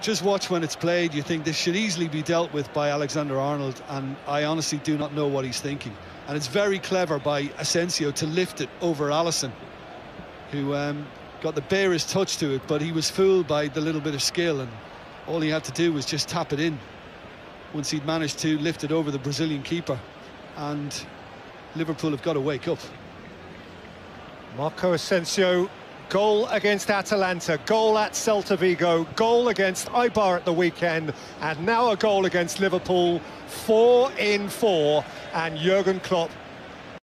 just watch when it's played. You think this should easily be dealt with by Alexander Arnold, and I honestly do not know what he's thinking. And it's very clever by Asensio to lift it over Allison, who um, got the barest touch to it, but he was fooled by the little bit of skill, and all he had to do was just tap it in once he'd managed to lift it over the Brazilian keeper. And Liverpool have got to wake up. Marco Asensio Goal against Atalanta, goal at Celta Vigo, goal against Ibar at the weekend, and now a goal against Liverpool. Four in four, and Jurgen Klopp